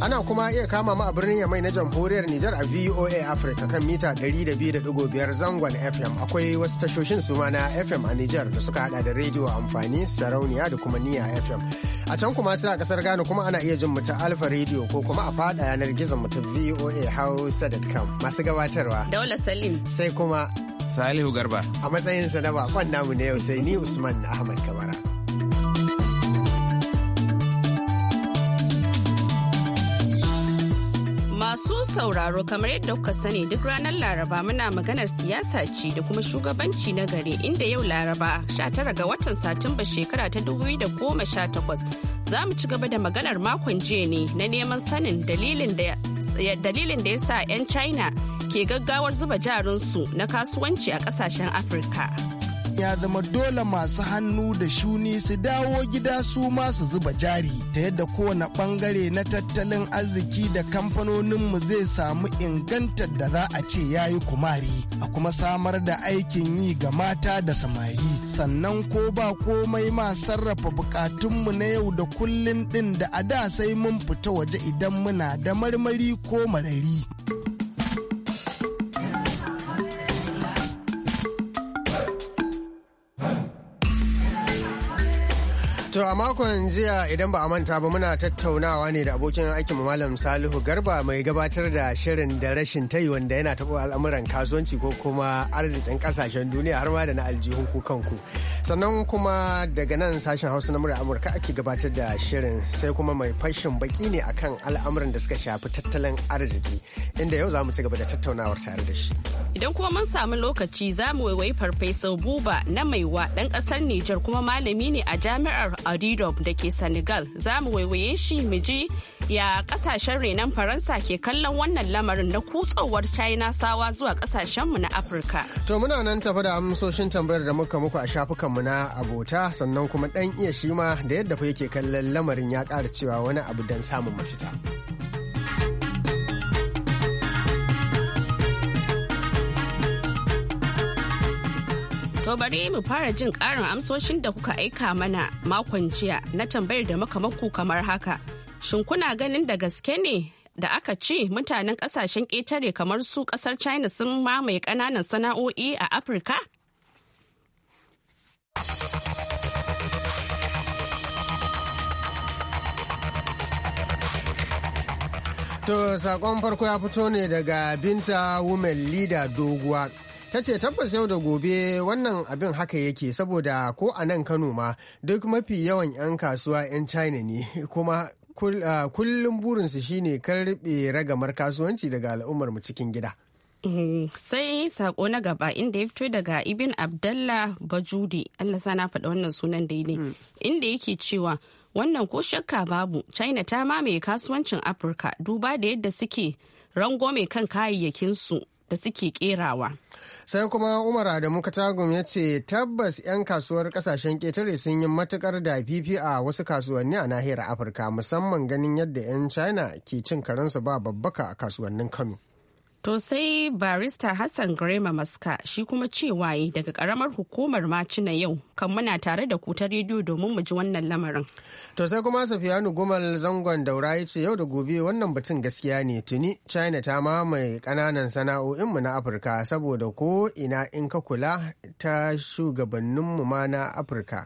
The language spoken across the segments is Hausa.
Ana kuma iya kama mu a birnin Yamai na jamhuriyar Nijar a VOA Africa kan mita 200.5 zangon FM akwai wasu tashoshin suma na FM a Nijar da suka hada da rediyo amfani sarauniya da kuma niya FM. A can kuma sai a kasar Ghana kuma ana iya jin mu ta Alfa rediyo ko kuma a fada yanar gizon mutum VOA Hausa.com masu gabatarwa. Daula Salim. Sai kuma Salihu Garba. A matsayinsa na bakon namu na yau sai ni Usman Ahmad kamara an sauraro kamar yadda kuka sani duk ranar Laraba muna maganar siyasa ce da kuma shugabanci na gari inda yau Laraba 19 ga watan Satumba shekara ta 2018 za mu ci gaba da maganar makon jiya ne na neman sanin dalilin da ya sa 'yan China ke gaggawar zuba jarinsu na kasuwanci a kasashen Afirka. ya zama dole masu hannu da shuni su dawo gida su masu zuba jari ta yadda kowane bangare na tattalin arziki da kamfanoninmu zai samu ingantar da za a ce ya yi kumari a kuma samar da aikin yi ga mata da samari sannan ko ba komai ma sarrafa bukatunmu na yau da kullun din da a da sai mun fita waje idan muna da marmari ko marari. To a makon jiya idan ba a manta ba muna tattaunawa ne da abokin aikin Malam Salihu Garba mai gabatar da shirin da rashin tai wanda yana taɓa al'amuran kasuwanci ko kuma arzikin ƙasashen duniya har ma da na aljihu ku kanku. sannan kuma daga nan sashen hausa na murya amurka ake gabatar da shirin sai kuma mai fashin baki ne akan al'amuran da suka shafi tattalin arziki inda yau za mu ci gaba da tattaunawar tare da shi idan kuma mun samu lokaci za mu waiwayi farfesa buba na maiwa dan kasar nijar kuma malami ne a jami'ar adidob da ke senegal za mu waiwaye shi mu ji ya kasashen renon faransa ke kallon wannan lamarin na kutsowar china sawa zuwa kasashenmu na afirka to muna nan tafa da amsoshin tambayar da muka muku a shafukan mu na abota sannan kuma ɗan iya shi ma da yadda fa yake kallon lamarin ya ƙara cewa wani abu don samun mafita. To bari mu fara jin ƙarin amsoshin da kuka aika mana makon jiya na tambayar da muka maku kamar haka. Shin kuna ganin da gaske ne da aka ce mutanen ƙasashen ƙetare kamar su ƙasar China sun mamaye ƙananan sana'o'i a Afirka? To sakon farko ya fito ne daga Binta Women Leader Doguwa. Ta ce tabbas yau da gobe wannan abin haka yake saboda ko a nan Kano ma duk mafi yawan 'yan kasuwa 'yan China ne kuma ah, kullum burinsu shine karbe ragamar kasuwanci daga al'ummarmu cikin gida. Mm-hmm. sai sako na gaba inda ya fito daga ibn abdallah bajudi allah sana faɗa wannan sunan ne mm. inda yake cewa wannan ko shakka babu china ta mamaye kasuwancin afirka duba da yadda suke rangwame kan kayayyakinsu da suke kerawa. sai kuma umar adamu katagum ya ce tabbas 'yan kasuwar kasashen ketare sun yi matukar da fifi a wasu kasuwanni a nahiyar afirka musamman ganin yadda 'yan china ke cin karensu ba babbaka a kasuwannin kano To sai barista Hassan Grema Maska shi kuma cewa daga karamar hukumar Macina yau kan muna tare da ku ta rediyo domin mu ji wannan lamarin. To sai kuma Safiyanu Gumal zangon daura ya ce yau da gobe wannan batun gaskiya ne tuni China ta mamaye kananan sana'o'inmu na Afirka saboda ko ina in ka kula ta shugabanninmu ma na Afirka.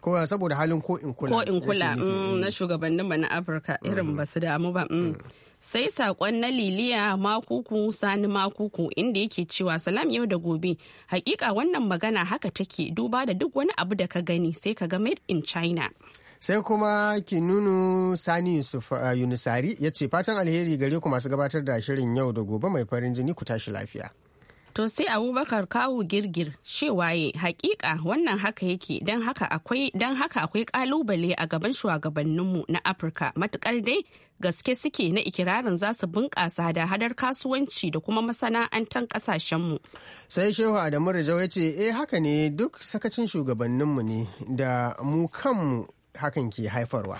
ko saboda halin ko in kula ko in kula mm, na shugabanninmu na Afirka irin mm. basu damu ba. Mm. sai sakon na liliya makuku sani makuku inda yake cewa salam yau da gobe hakika wannan magana haka take duba da duk wani abu da ka gani sai ka ga made in china sai kuma kinunu sani yusuf uh, yunusari ya ce fatan alheri gare ku masu gabatar da shirin yau da gobe mai farin jini ku tashi lafiya To sai Abubakar kawu girgir cewaye hakika wannan haka yake don haka akwai don haka akwai kalubale a gaban shugabanninmu na Afirka matukar dai gaske suke na ikirarin za su bunƙasa da hadar kasuwanci da kuma masana'antar ƙasashenmu. Sai Shehu Adamu da ya ce, "E haka ne duk sakacin shugabanninmu ne da mu kanmu hakan ke haifarwa."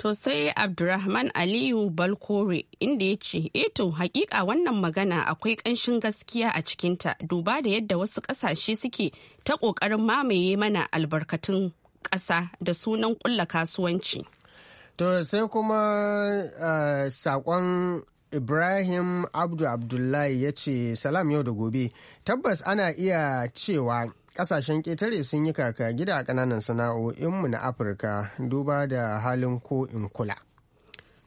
To sai Abdurrahman Aliyu Balkore inda ya ce, "Eto, eh hakika wannan magana akwai ƙanshin gaskiya a cikinta duba da yadda wasu ƙasashe suke ta ƙoƙarin mamaye mana albarkatun ƙasa da sunan ƙulla kasuwanci. To sai kuma uh, saƙon Ibrahim Abdu Abdullahi ya ce, "Salam yau da gobe, tabbas ana iya cewa kasashen ketare sun yi kaka gida a ƙananan sana'o'inmu na afirka duba da halin ko in kula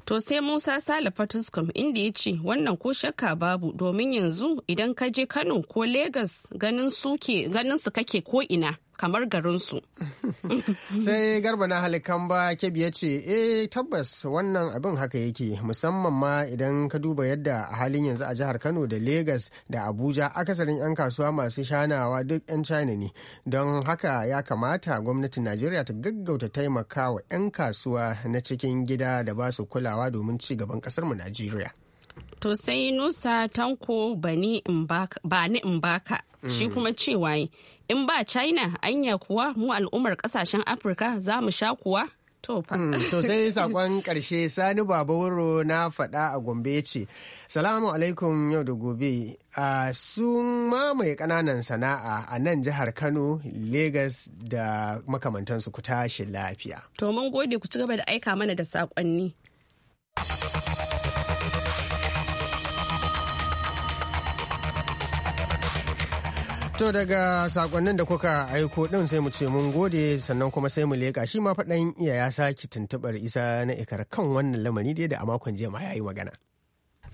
To sai Musa Sale Fatuskum inda ya ce wannan ko shakka babu domin yanzu idan ka je Kano ko Legas ganin su kake ko ina. kamar garinsu. Sai garba na halikan ba kebi ya ce, eh tabbas wannan abin haka yake musamman ma idan ka duba yadda a halin yanzu a jihar Kano da Legas da Abuja akasarin 'yan kasuwa masu shanawa duk 'yan China ne. Don haka ya kamata gwamnatin Najeriya ta gaggauta taimakawa 'yan kasuwa na cikin gida da ba su kulawa domin ci gaban mu Najeriya. To sai Nusa Tanko Bani baka, shi mm. kuma cewa in ba china anya kuwa mu al'ummar kasashen afirka za mu sha kuwa To hmm, sai sakon karshe Sani baburo na faɗa a Gombe ce, Salamu alaikum yau da gobe, sun mamaye kananan sana'a a nan jihar Kano, Legas da makamantansu ku tashi lafiya. To mun gode ku ci gaba da aika mana da saƙonni. To daga sakonnin da kuka aiko din sai mu ce mun gode sannan kuma sai mu leƙa shi ma faɗan iya ya sake tuntuɓar isa na ikar kan wannan lamari dai da a makon jiya ma ya yi magana.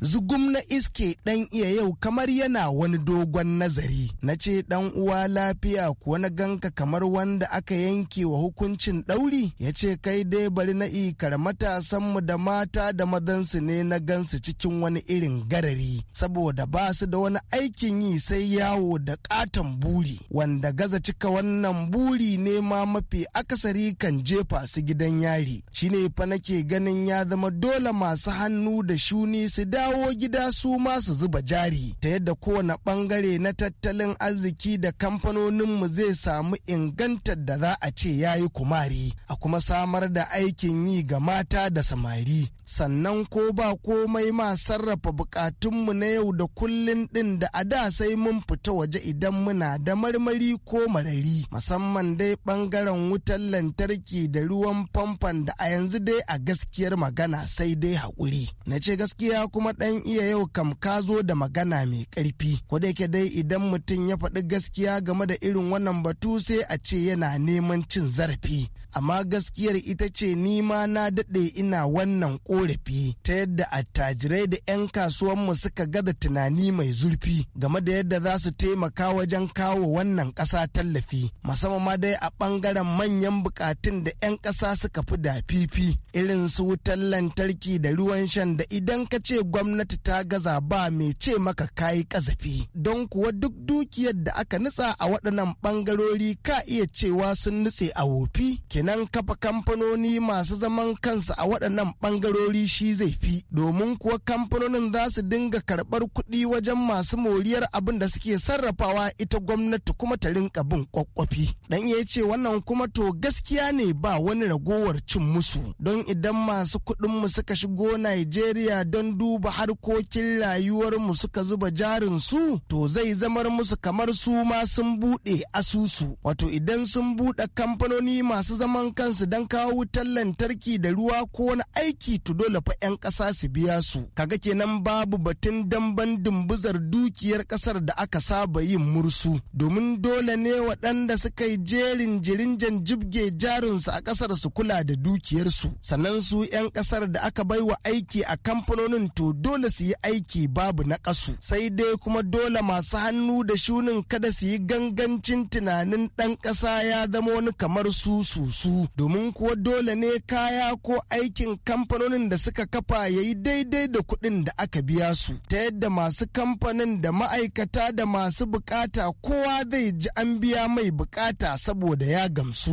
zugum na iske ɗan iya yau kamar yana wani dogon nazari na ce ɗan uwa lafiya kuwa na ganka kamar wanda aka yanke wa hukuncin ɗauri ya ce kai dai bari na ikar matasanmu da mata da madansu ne na gansu cikin wani irin garari saboda ba su da wani aikin yi sai yawo da ƙaton buri wanda gaza cika wannan buri ne ma mafi akasari kan jefa su gidan yari shine fa nake ganin ya zama dole masu hannu da shuni su dawo dawo gida su ma su zuba jari ta yadda kowane bangare na tattalin arziki da kamfanoninmu zai samu ingantar da za a ce ya yi kumari a kuma samar da aikin yi ga mata da samari sannan ko ba komai ma sarrafa bukatunmu na yau da kullun ɗin da a da sai mun fita waje idan muna da marmari ko marari musamman dai ɓangaren wutar lantarki da ruwan famfan da a yanzu dai a gaskiyar magana sai dai haƙuri na ce gaskiya kuma ɗan iya yau kam ka zo da magana mai ƙarfi ko da yake dai idan mutum ya faɗi gaskiya game da irin wannan batu sai a ce yana neman cin zarafi amma gaskiyar ita ce ni ma na daɗe ina wannan ko korafi ta yadda attajirai da 'yan kasuwanmu suka gada tunani mai zurfi game da yadda za su taimaka wajen kawo wannan ƙasa tallafi musamman ma dai a ɓangaren manyan bukatun da 'yan ƙasa suka fi da fifi irin su wutar lantarki da ruwan shan da idan ka ce gwamnati ta gaza ba mai ce maka kayi ƙazafi don kuwa duk dukiyar da aka nutsa a waɗannan ɓangarori ka iya cewa sun nutse a wofi kenan kafa kamfanoni masu zaman kansu a waɗannan ɓangarori sauri shi zai fi domin kuwa kamfanonin za su dinga karɓar kuɗi wajen masu moriyar abin da suke sarrafawa ita gwamnati kuma ta rinka bin kwakwafi dan ya ce wannan kuma to gaskiya ne ba wani ragowar cin musu don idan masu kuɗin mu suka shigo Najeriya don duba harkokin rayuwar mu suka zuba jarin su to zai zamar musu kamar su ma sun buɗe asusu wato idan sun buɗe kamfanoni masu zaman kansu don kawo wutar lantarki da ruwa ko na aiki to dole fa 'yan ƙasa su biya su kaga kenan babu batun damban dumbuzar dukiyar ƙasar da aka saba yin mursu domin dole ne waɗanda suka yi jerin jirinjan jibge jarinsu a ƙasar su kula da dukiyarsu sannan su 'yan ƙasar da aka bai wa aiki a kamfanonin to dole su yi aiki babu na ƙasu sai dai kuma dole masu hannu da shunin kada su yi gangancin tunanin ɗan ƙasa ya zama wani kamar su su su domin kuwa dole ne kaya ko aikin kamfanonin kuɗin da suka kafa ya yi daidai da kuɗin da aka biya su ta yadda masu kamfanin da ma'aikata da masu bukata kowa zai ji an biya mai bukata saboda ya gamsu.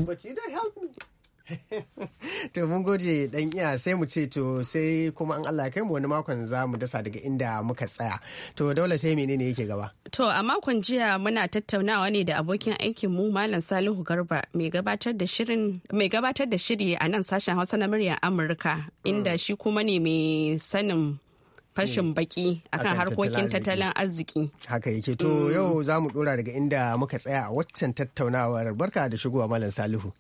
to mun gode dan iya sai mu ce to sai kuma an Allah kai mu wani makon za mu dasa daga inda muka tsaya to dole sai menene yake gaba to a makon jiya muna tattaunawa ne da abokin aikin mu malam Salihu Garba mai gabatar da shirin mai gabatar da shiri a nan sashen Hausa na muryar Amurka inda mm. shi kuma ne mai sanin fashin mm. baki akan harkokin tattalin arziki. Haka yake to mm. yau za mu dora daga inda muka tsaya a waccan tattaunawar barka da shigowa Malam Salihu.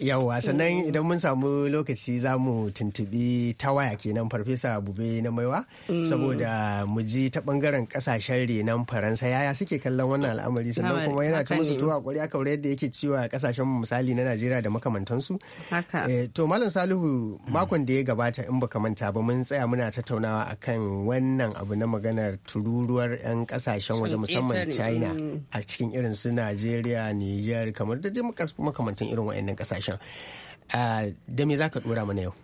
Yawwa sannan idan mun samu lokaci za mu tuntubi ta waya kenan farfesa bube na maiwa mm. saboda mu ji ta bangaren kasashen renon faransa yaya suke kallon wannan al'amari sannan kuma yana ci musu tuwa kwari aka yadda yake ciwa kasashen misali na najeriya da makamantansu eh, to malam salihu makon da ya gabata in baka manta ba mun tsaya muna tattaunawa akan wannan abu na maganar tururuwar yan kasashen waje musamman china mm. a cikin irin su najeriya niger kamar da makamantan irin wayannan kasashen da me za ka dora mana yau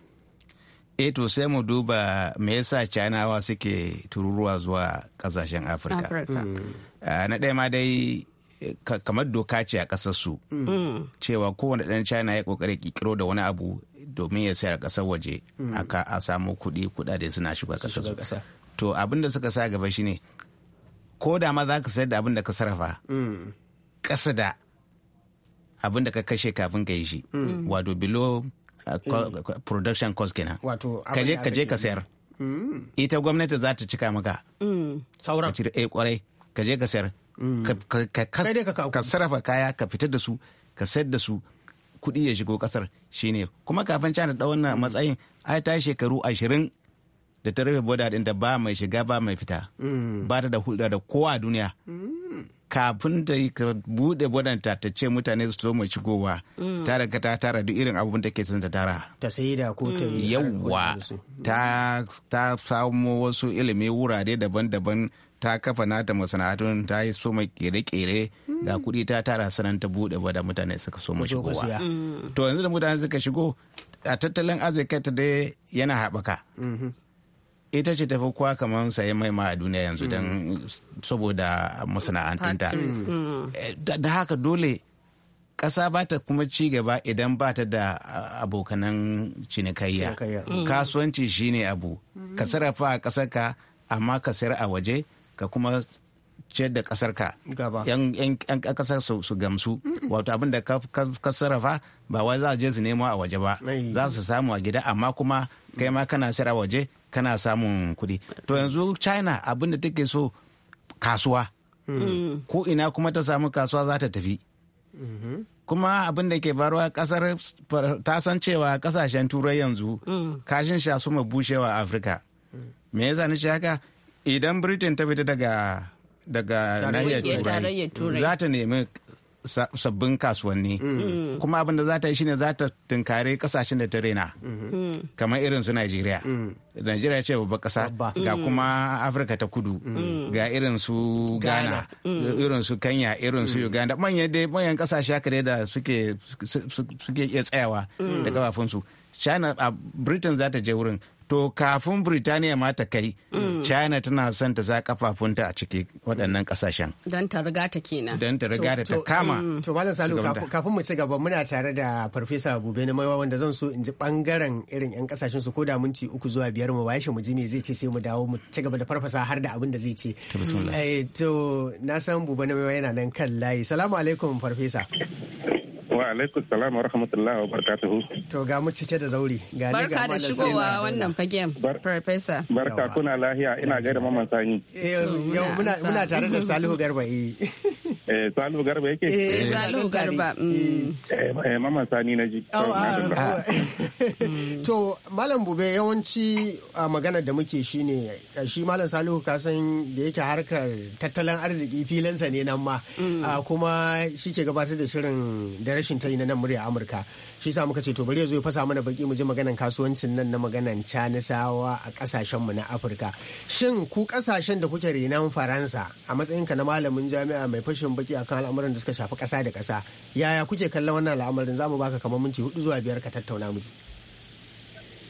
e to sai mu duba me yasa canawa suke tururuwa zuwa kasashen afirka mm. na ɗaya ma dai eh, kamar doka ce a ƙasarsu mm. Mm. cewa kowane ɗan china ya ƙoƙari ƙirƙiro da wani abu domin ya sayar ƙasar waje aka a samu kuɗi kuɗaɗe suna shiga ƙasar to abin da suka sa gaba shine ko da ma za ka sayar da abin da ka sarrafa ƙasa da abin da ka kashe kafin ka yi shi mm. Mm. wato below uh, eh. uh, production cost kenan Ka kaje ka sayar mm. ita gwamnati za ta cika maka sauran cire eh, kwarai Ka je ka sayar ka sarrafa kaya ka fita da su ka sayar da su kuɗi ya shigo ƙasar shine kuma kafin cana da wannan matsayin ai ta shekaru ashirin da ta rufe boda ɗin da ba mai shiga ba mai fita ba ta da hulɗa da kowa a duniya kafin da bude gwadanta ta ce mutane su zo mai shigowa mm. ta daga ta tara duk irin abubuwan da ke son ta tara ta sai da ko ta yawwa ta samu samo wasu ilimi wurare daban-daban ta kafa nata masana'atun ta yi so mai kere-kere mm. ga kuɗi ta tara sanan ta bude da mutane suka so mai shigowa mm. to yanzu da mutane suka shigo a tattalin arzikinta dai yana haɓaka mm-hmm. ita ce tafi kuwa kamar sayan mai ma a duniya yanzu don mm. saboda masana'antunta mm. eh, da haka dole ƙasa ba ta kuma ci gaba idan ba ta da abokanan cinikayya mm. kasuwanci shine abu ka sarrafa a ƙasarka amma ka sayar a waje ka kuma ciyar da kasar ka yan kasar su gamsu wato abin da ka sarrafa ba wai za a je su nemo a waje ba za su samu a gida amma kuma kai ma kana sayar a waje kana samun kuɗi to yanzu china abin da take so kasuwa mm. ko ina kuma ta samu kasuwa za ta tafi mm-hmm. kuma abin da ke faruwa kasar ta san cewa kasashen turai yanzu mm. kashin sha su bushewa afirka mm. me yasa shi haka idan britain ta fita daga daga nahiyar turai za ta nemi sabbin kasuwanni mm. Mm. kuma abin da za ta yi shine za ta tunkare kasashen da ta rena mm-hmm. mm. kamar irin su Najeriya Najeriya ce babba kasa ga kuma Afirka ta kudu ga irin su Ghana irin su Kenya irin su Uganda manyan dai manyan kasashe haka da suke suke iya tsayawa da kafafunsu China a Britain za ta je wurin to kafin Birtaniya ma ta kai China tana son ta za kafafunta a ciki waɗannan kasashen. Don ta riga ta kenan. Don ta riga ta kama. Mm, to Malam Salu kafin mu ci gaba muna tare da Farfesa Bube na Maiwa wanda zan so in ji bangaren irin 'yan kasashen su ko da minti uku zuwa biyar mu bashi mu ji me zai ce sai mu dawo mu ci gaba da farfasa har da abin da zai ce. Eh, to na san Bube na Maiwa yana nan kan layi. Salamu alaikum Farfesa. Wa alaikum salam wa rahmatullahi wa barakatuhu. To ga mu cike da zauri. Ga Barka da shigowa wannan fagen Professor. Barka kuna lahiya ina gaida mamman sani. Eh yau muna tare da Salihu Garba eh. Eh, Salo Garba yake? Eh, eh Garba. Mm. Eh, Mama Sani na ji. Ah, ah. Ah. To, Malam Bube yawanci a magana da muke shi shi Malam Salihu san da yake harkar tattalin arziki filansa ne nan ma, mm. kuma shi ke gabatar da shirin da rashin tayi na nan murya Amurka. Shi sa muka ce, to bari yazo zo ya fasa mana baki mu ji maganan kasuwancin nan na maganan canisawa a kasashen mu na Afirka. Shin ku kasashen da kuke renan Faransa a matsayinka na malamin jami'a mai fashin baki akan al'amuran da suka shafi ƙasa da ƙasa yaya kuke kallon wannan al'amarin za mu baka kamar minti hudu zuwa biyar ka tattauna mu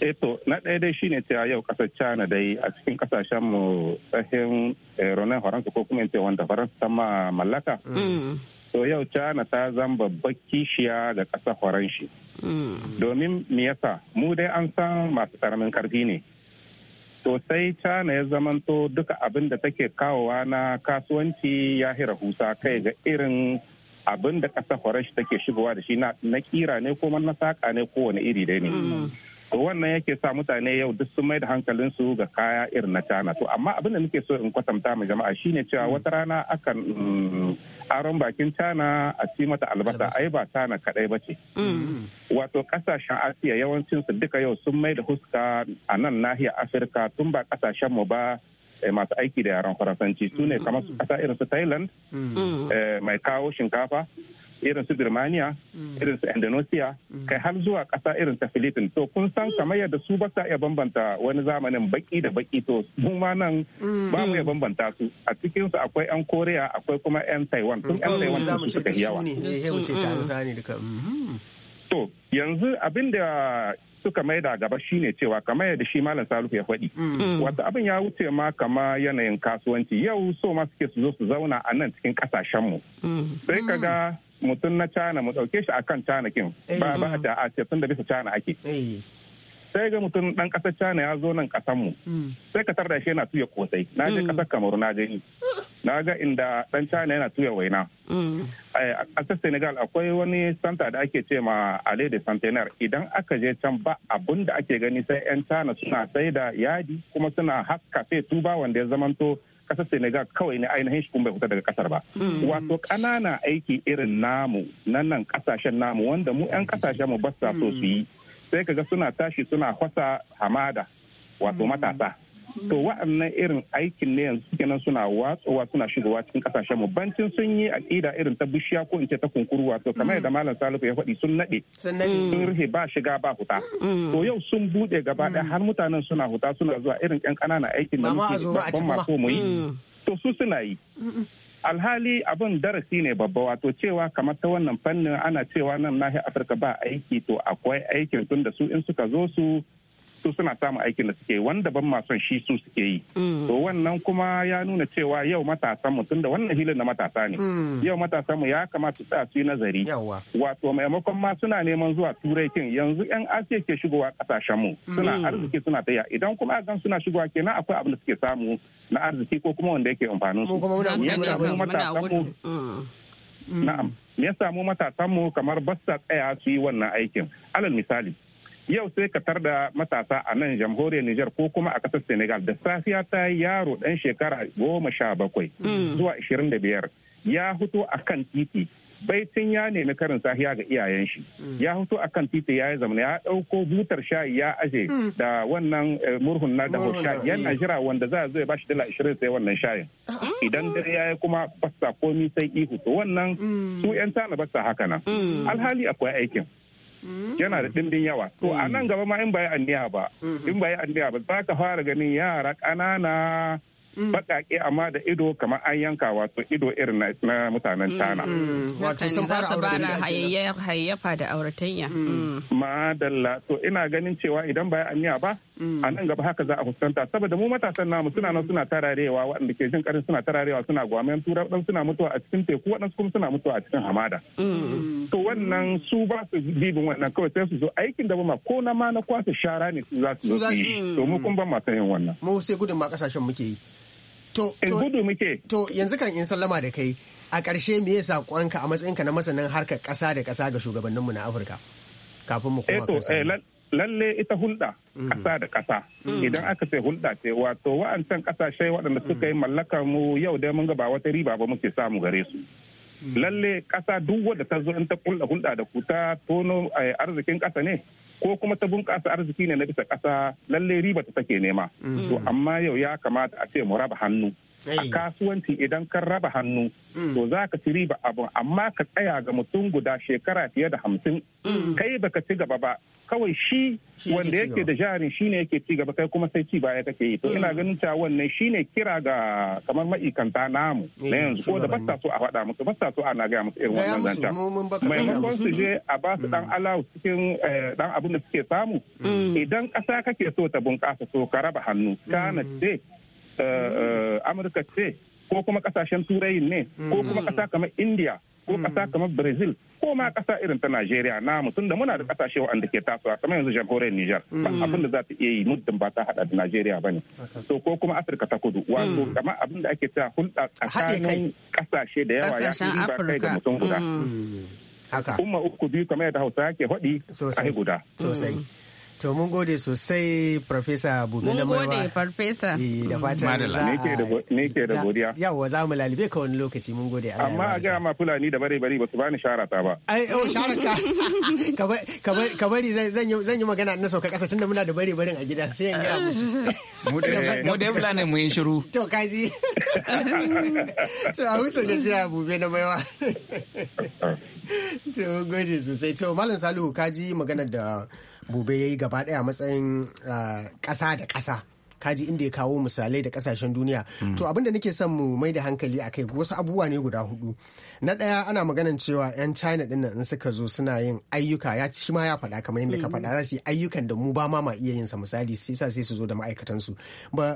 eto eh na ɗaya dai shine cewa yau ƙasar china dai a cikin ƙasashen mu tsahin eh, ronan faransa ko kuma ce wanda faransa ta ma mallaka mm. to yau china ta zan babbar kishiya da ƙasar faranshi mm. domin me yasa mu dai an san masu karamin karfi ne to sai china ya zamanto duka abin da take kawowa na kasuwanci ya hira husa kai ga irin abin da ƙasa horashi take shigowa da shi na kira ne ko na saƙa ne kowane iri dai ne mm. to wannan yake sa mutane yau duk sun mai da hankalinsu ga kaya irin na cana to amma abin da muke so in kwatanta ma jama'a shine cewa mm. wata rana akan mm, aron bakin cana a ci mata albasa ai ba cana kadai ba ce mm. wato kasashen asiya yawancinsu duka yau sun mai da huska a nan nahiyar afirka tun ba kasashen mu ba eh, masu aiki da yaren faransanci su ne kamar su kasa irin su thailand eh, mai kawo shinkafa irin su birmania mm. irin su indonesia mm. kai har zuwa ƙasa irin ta philippines to kun san mm. kamar yadda su ba sa iya bambanta wani zamanin baki da baki to mu ma nan ba mu iya bambanta su a cikin su akwai yan korea akwai kuma yan taiwan sun yan taiwan su suka yawa eh, mm-hmm. to yanzu abin da suka mai da gaba shine cewa kamar yadda shi malam salihu ya faɗi wata abin ya wuce ma kama yanayin kasuwanci yau so ma suke su zo su zauna a nan cikin kasashenmu sai kaga mutum na cana mu dauke shi akan cana kin eh. ba ba da a ce da bisa cana ake eh. sai ga mutum dan kasar cana ya zo nan kasar mu hmm. sai ka tarda shi yana tuya kosai na je kasar hmm. kamaru na gani na ga inda dan cana yana tuya waina hmm. eh, a kasar senegal akwai wani santa da ake ce ma ale de centenaire idan aka je can ba abun da ake gani sai yan cana suna sai da yadi kuma suna haska sai tuba wanda ya zamanto kasar senegal kawai ne ainihin shi kuma bai fita daga kasar ba mm. wato ƙanana aiki irin namu nan nan kasashen namu wanda mu 'yan kasashen mu ba so mm. su yi sai kaga suna tashi suna kwasa hamada wato mm. matasa to wa'annan irin aikin ne yanzu kenan suna watsowa suna shigowa cikin kasashen mu bancin sun yi aƙida irin ta bishiya ko in ce ta kunkuru wato kamar yadda mm. malam salihu ya faɗi sun naɗe sun rufe ba shiga ba huta mm. to yau sun buɗe gaba ɗaya mm. har mutanen suna huta suna zuwa irin ƴan ƙananan aikin da muke babban maso mu yi to su suna yi alhali abin darasi ne babba wato cewa kamar ta wannan fannin ana cewa nan nahiyar afirka ba aiki to akwai aikin tun da su in suka zo su su suna samun aikin da suke wanda ban mason shi su suke yi mm. to wannan kuma ya nuna cewa yau matasa mu tunda wannan filin na matasa ne mm. yau matasa mu ya kamata su su yi nazari wato maimakon ma suna neman zuwa turai kin yanzu yan asiya ke shigowa kasashen mu mm. suna arziki suna taya idan kuma gan suna shigowa kenan akwai abin da suke samu na arziki ko kuma wanda yake amfanin su na'am me yasa mu matasan mu kamar ba sa tsaya su yi wannan aikin alal misali yau sai ka tarda matasa a nan jamhuriyar Nijar ko kuma a ƙasar Senegal da safiya ta yi yaro ɗan shekara goma sha bakwai mm. zuwa ishirin da biyar ya fito a kan titi baitin ya nemi karin safiya ga iyayen shi mm. ya fito a kan titi ya yi zamana ya ɗauko butar shayi ya aje mm. da wannan eh, murhun na da shayi yana jira wanda za a zo ya bashi dala ashirin sai wannan shayin ah. idan dare ya yi kuma basta komi sai ihu to wannan su yan tana basta haka nan alhali akwai aikin yana da ɗimbin yawa to a mm. nan gaba ma in ba yi anniya ba mm-hmm. in ba yi anniya ba za ka fara ganin yara ƙanana Mm. baƙaƙe amma da ido kamar an yanka wato ido irin na mutanen tana. Mm, mm. Wato sun fara hayayyafa da auratayya. Madalla to ina ganin cewa idan ba aniya ba a nan gaba haka za a fuskanta saboda mu matasan namu suna nan suna tararewa waɗanda ke jin karin suna tararewa suna gwamnan tura waɗanda suna mutuwa a cikin teku waɗansu kuma suna mutuwa a cikin hamada. To wannan su ba su bibin wannan kawai sai su zo aikin da ma ko na ma na kwasa shara ne su za su yi. To mu kun ban masu yin wannan. Mu sai gudun ma kasashen muke yi. Eh, to, gudu muke. To, yanzu kan in sallama da kai, a ƙarshe me yasa kwanka a matsayinka na masanin harkar kasa da kasa ga shugabanninmu na Afirka? Kafin mu koma eh, kasa. Eh, lalle ita hulɗa mm. ƙasa da ƙasa mm. idan aka ce hulɗa ce wato wa'ancan ƙasashe waɗanda mm. suka yi mallakar mu yau dai mun ga ba wata riba ba muke samu gare su lalle ƙasa duk wadda ta zo in ta kulla hulɗa da ku ta tono arzikin ƙasa ne ko kuma ta bunƙasa arziki ne na bisa ƙasa lalle riba ta take nema mm-hmm. to amma yau ya kamata a ce mu raba hannu a kasuwanci idan ka raba hannu hmm. to za ka ci riba abu amma ka tsaya ga mutum guda shekara fiye da hamsin hmm. kai baka ci gaba ba kawai shi wanda yake da jari shi ne yake ci gaba kai kuma sai ci baya kake yi to hmm. ina ganin cewa wannan shi ne kira ga kamar ma'ikanta namu na yanzu ko da basta so a faɗa musu basta so ana gaya musu irin wannan zanta maimakon su je a ba su dan alawu cikin dan eh, abin da suke samu idan ƙasa kake so ta bunƙasa so ka raba hannu kana ce Eh, eh, amurka ce ko kuma kasashen turai ne ko mm. kuma kasa kamar india ko mm. kasa kamar brazil ko ma kasa irin ta najeriya na mutum da muna da kasashe wanda ke tasowa kamar yanzu jamhuriyar niger mm. ba abin da za ta iya yi muddin ba ta hada da najeriya ba ne to ko kuma afirka ta kudu wato kamar abin da ake ta hulɗa tsakanin kasashe da yawa ya ba kai da mutum guda umma uku biyu kamar yadda hausa ke faɗi a guda sosai To mun gode sosai Farfesa Bube na Mun gode Farfesa. Eh, da fatan za a... Ne ke da godiya. Yawwa za mu lalibe ka wani lokaci mun gode. Amma a gaya ma Fulani da bare bare ba su bani sharata ba. Ai oh sharata. Ka bari zan yi magana na sauka kasa tunda muna da bare barin a gida sai in gaya musu. Mu da Fulani mu yi shiru. To ji. To a huta gajiya Bube na to gode sosai to malam salihu ka ji maganar da bube ya yi gaba daya matsayin ah, ƙasa da kasa kaji inda ya kawo misalai da kasashen duniya hmm. to abin da nake son mu mai da hankali a kai wasu abubuwa ne guda hudu na daya ana maganan cewa yan china din nan suka zo suna yin ayyuka ya ci ma ya faɗa kamar yadda ka hmm. faɗa za su yi ayyukan da mu ba ma ma iya yin sa misali sai sa sai su zo da ma'aikatan su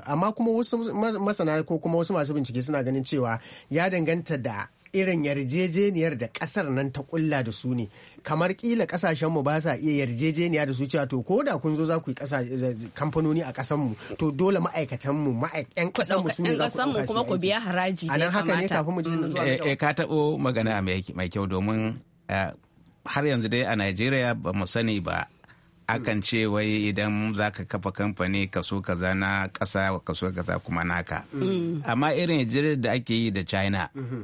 amma kuma wasu masana ko kuma wasu masu bincike suna ganin cewa ya danganta da irin yarjejeniyar da kasar nan ta kulla da su ne kamar kila kasashen mu ba sa iya yarjejeniya da su cewa to ko da kun zo za ku yi kamfanoni a kasan mu to dole ma'aikatan mu ma'aikatan kasan mu su ne za ku kuma ku biya haraji a nan haka ne kafin mu jin zuwa eh, eh, ka taɓo magana mai kyau domin eh, har yanzu dai a Najeriya ba mu sani ba akan ce wai idan za ka kafa kamfani kaso kaza na kasa kaso kaza kuma naka mm. amma irin jirar da ake yi da china mm-hmm.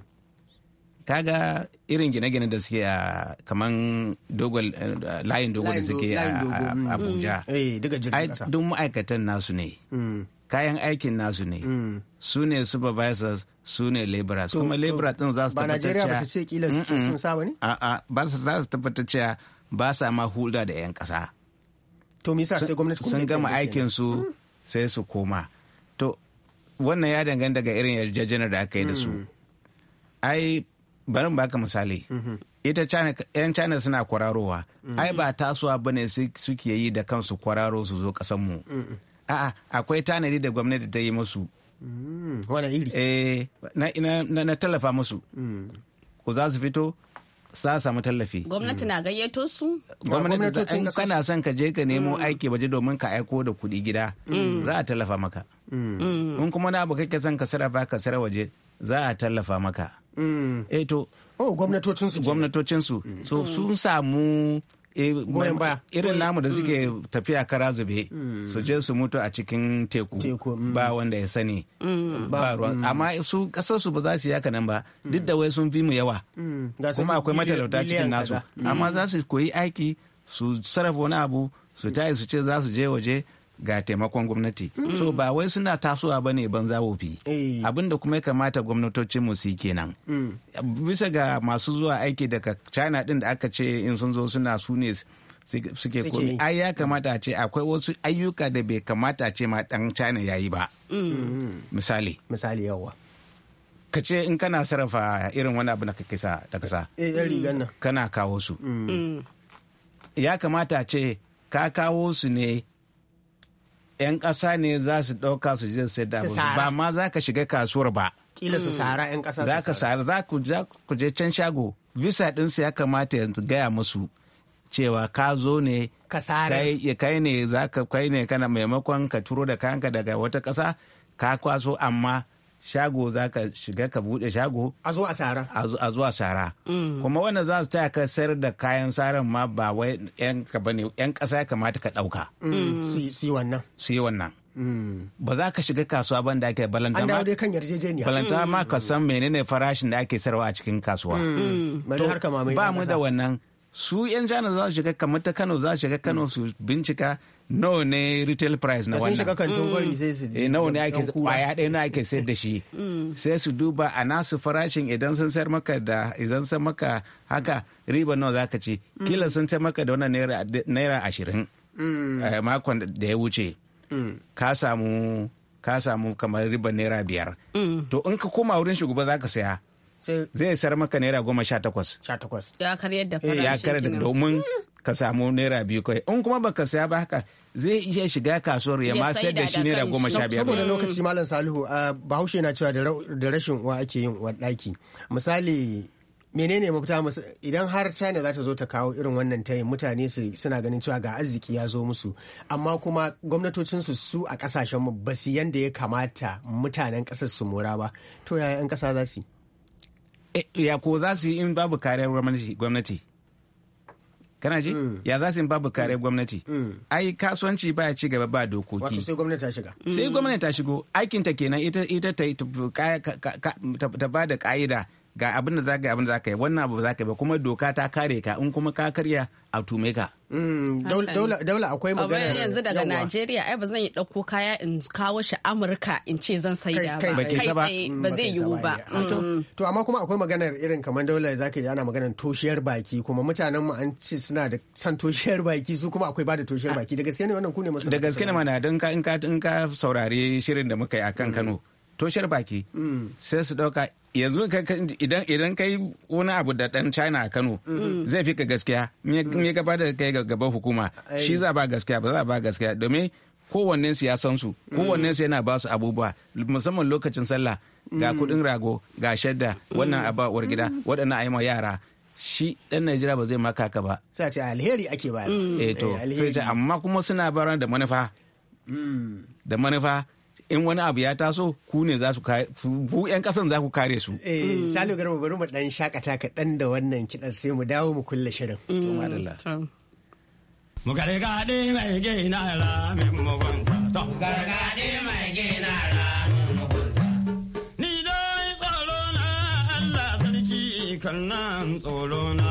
kaga irin gine-gine da suke a kaman eh, layin dogo da suke a mm. abuja mm. Eh, duk ma'aikatan nasu ne mm. kayan aikin nasu ne su ne supervisors su ne laborers kuma laborers din za su tabbatar cewa ba ta ce sun su tabbatar cewa ba sa ma hulɗa da 'yan ƙasa to sai gwamnati sun gama aikin su sai su koma to wannan ya danganta daga irin yarjejeniyar da aka yi da su ai bari mu baka misali mhm. ita yan china suna kwararowa mhm. ai ba tasowa bane suke yi da kansu kwararo su zo kasan mu mhm. a'a akwai tanadi da gwamnati ta yi musu mm, iri eh, na tallafa musu mm. ku za su fito sa samu tallafi. Gwamnati na gayyato su? Gwamnati kana son ka je ka nemo mm. aiki waje domin ka aiko da kuɗi gida za a tallafa maka. In kuma na abu kake son ka sarrafa ka sarrafa waje za a tallafa maka mm. Eto. Eh, oh gwamnatocinsu gwamnatocinsu mm. so mm. sun samu eh, irin namu da suke tafiya kara zube su je su mutu a cikin teku ba wanda ya sani ba ruwa amma su kasar su ba za su yaka nan ba duk da wai sun fi mu yawa kuma akwai matalauta cikin nasu amma za su koyi aiki su sarrafa wani abu su tayi su ce za su je waje ga taimakon gwamnati mm. so ba wai suna tasowa ba ne banza wofi hey. Eh. abin da kuma ya kamata gwamnatocin mu su kenan mm. bisa ga masu zuwa aiki daga china din da aka ce in sun zo suna su ne suke komi ai ya kamata ce akwai wasu ayyuka da bai kamata ce ma dan china yayi ba mm. mm. misali misali yawa ka ce in kana sarrafa irin wani abu na ka kisa da kasa eh, kana kawo su mm. Mm. ya kamata ce ka kawo su ne 'yan ƙasa ne za su ɗauka su je sai da ba ma za ka shiga kasuwar ba. Kila su mm. sara 'yan ƙasa Za ka sara za ku je can shago visa su ya kamata yanzu gaya musu cewa ka zo ne kai ne za ka kai ne kana maimakon ka turo da kayanka daga wata ƙasa ka kwaso amma shago za ka shiga ka bude shago a zuwa sara a zuwa mm. kuma wannan za su taya ka sayar da kayan saran ma ba wai yan yan kasa ya kamata ka dauka mm. mm. si wannan si wannan ba za ka shiga kasuwa ban da ake balanta ma kan yarjejeniya ma ka san menene farashin da ake sarwa a cikin kasuwa ba mu da wannan su yan jana za su shiga kamata ta kano za su shiga kano su bincika nawa ne retail price na wannan shiga kantin gwari mm. sai su eh nawa ne ake kwaya ɗaya na ake sayar da shi mm. sai su duba a nasu farashin idan sun sayar maka da idan sun maka haka riba nawa zaka ci mm. kila sun sayar maka da wannan naira ashirin eh, makon da ya wuce ka samu ka samu kamar riba naira biyar to in ka koma wurin shugaba zaka saya zai sayar maka naira goma sha takwas ya karyar da farashin eh, ya karyar da domin ka samu naira biyu kai in kuma baka saya ba haka zai iya shiga kasuwar ya ma sayar da shi ne da goma sha biyar. Saboda lokaci Malam Salihu uh, Bahaushe na cewa da rashin uwa ake yin wa ɗaki. Misali menene mafita idan har china za ta zo ta kawo irin wannan tayin mutane su suna ganin cewa ga arziki ya zo musu amma kuma gwamnatocinsu su a kasashen mu basu yanda ya kamata mutanen kasar su mora ba to yaya 'yan kasa za su eh, ya ko za su yi in babu kariyar gwamnati kana ji mm. ya za su babu kare mm. gwamnati mm. ai kasuwanci ba ya ci gaba ba dokoki wato sai gwamnati ta shiga sai gwamnati ta shigo aikinta kenan ita ta ba da ka'ida ga abin da za abin da za yi wannan abu za yi ba kuma doka ta kare ka in kuma ka karya a tume ka. Mm, daula akwai magana yanzu daga najeriya ai ba zan yi ɗauko kaya in kawo shi amurka in ce zan sai ba kai tsaye ba mm, zai yiwu ba eh, eh. Mm. to amma kuma akwai maganar irin kamar daula zaka yi ana maganar toshiyar baki kuma mutanen mu an ce suna da san toshiyar baki su kuma akwai bada toshiyar baki da gaske ne wannan ku ne masu da gaske ne mana don ka in ka saurare shirin da muka yi akan kano toshiyar baki sai su dauka yanzu idan idan kai wani abu da dan china a kano mm-hmm. zai fi ka gaskiya me gaba da kai ga gaban hukuma shi za ba gaskiya ba za ba gaskiya domin kowanne su ya san su mm-hmm. kowanne su yana ba su abubuwa musamman lokacin sallah ga mm-hmm. kudin rago ga shadda wannan abawar gida waɗannan ayi ma yara shi dan Najeriya ba zai maka ka ba sai ta alheri ake ba mm. eh to eh, amma kuma suna baran da manufa mm. da manufa in wani abu ya taso ku ne za su ku yan kasan za ku kare su eh mm. salo garba bari mu dan shakata kaɗan da wannan kidan sai mu dawo mu kulle shirin mm. mu gargaɗe mai gina ra mai mugunta to gargaɗe mai gina ra ni dai tsoro na Allah sarki kan nan tsoro na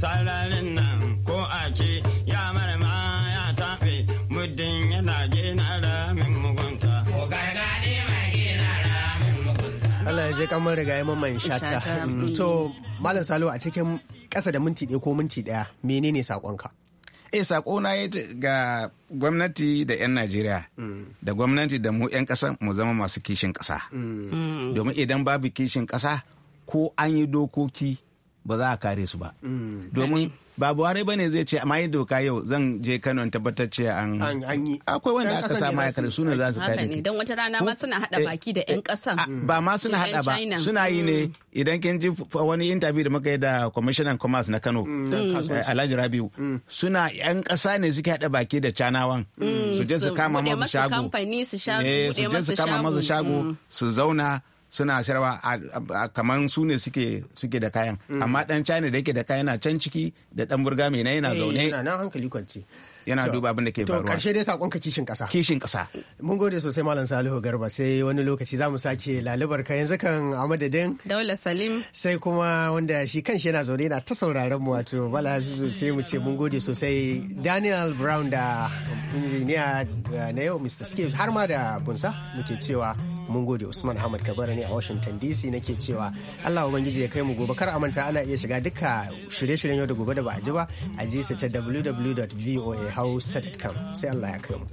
sararin nan ko ake ya marma ya tafe muddin yana gina ramin mugunta. gina mugunta. Allah ya je kamar riga ya mamman shata. Mm. Mm. To, Malam Salo a cikin ƙasa da minti ɗaya ko minti ɗaya menene saƙonka? eh saƙo na yi ga gwamnati da 'yan najeriya mm. da gwamnati da mu 'yan ƙasa mu zama masu kishin ƙasa domin idan babu kishin ƙasa ko an yi dokoki ba za a kare su ba mm. domin ba buhari bane zai ce amma yin doka yau zan je kano tabbatar ce an yi akwai wanda aka sa ma'aikata su ne za su kare ne. don wata rana ma suna hada eh, baki da yan ƙasa. Ah, ba ma suna hada ba suna yi ne mm. idan kin ji wani interview da muka yi da commissioner commerce na kano mm. Eh, alhaji rabiu suna yan kasa ne suke hada baki da canawan su je su kama masu shago su je su kama masu shago su zauna suna a kamar su ne suke da kayan mm. amma dan china da yake da kayan na can ciki da dan burga mai na yana eh, zaune yana nan hankali kwance yana duba abin da ke faruwa to karshe dai sakon ka kishin kasa kishin kasa mun gode sosai malam salihu garba sai wani lokaci za mu sake lalubar ka yanzu kan a madadin daula salim sai kuma wanda shi kanshi yana zaune yana ta sauraron mu wato bala hafizu sai mu ce mun gode sosai daniel brown da injiniya eh, na yau mr skills har ma da bunsa muke cewa mun gode usman Ahmad kabara ne a washington dc nake cewa allah ubangiji ya kai mu gobe kar a manta ana iya shiga duka shirye-shiryen yau da gobe da ba a ji ba a ji sa ta www.voahouse.com sai allah ya kai mu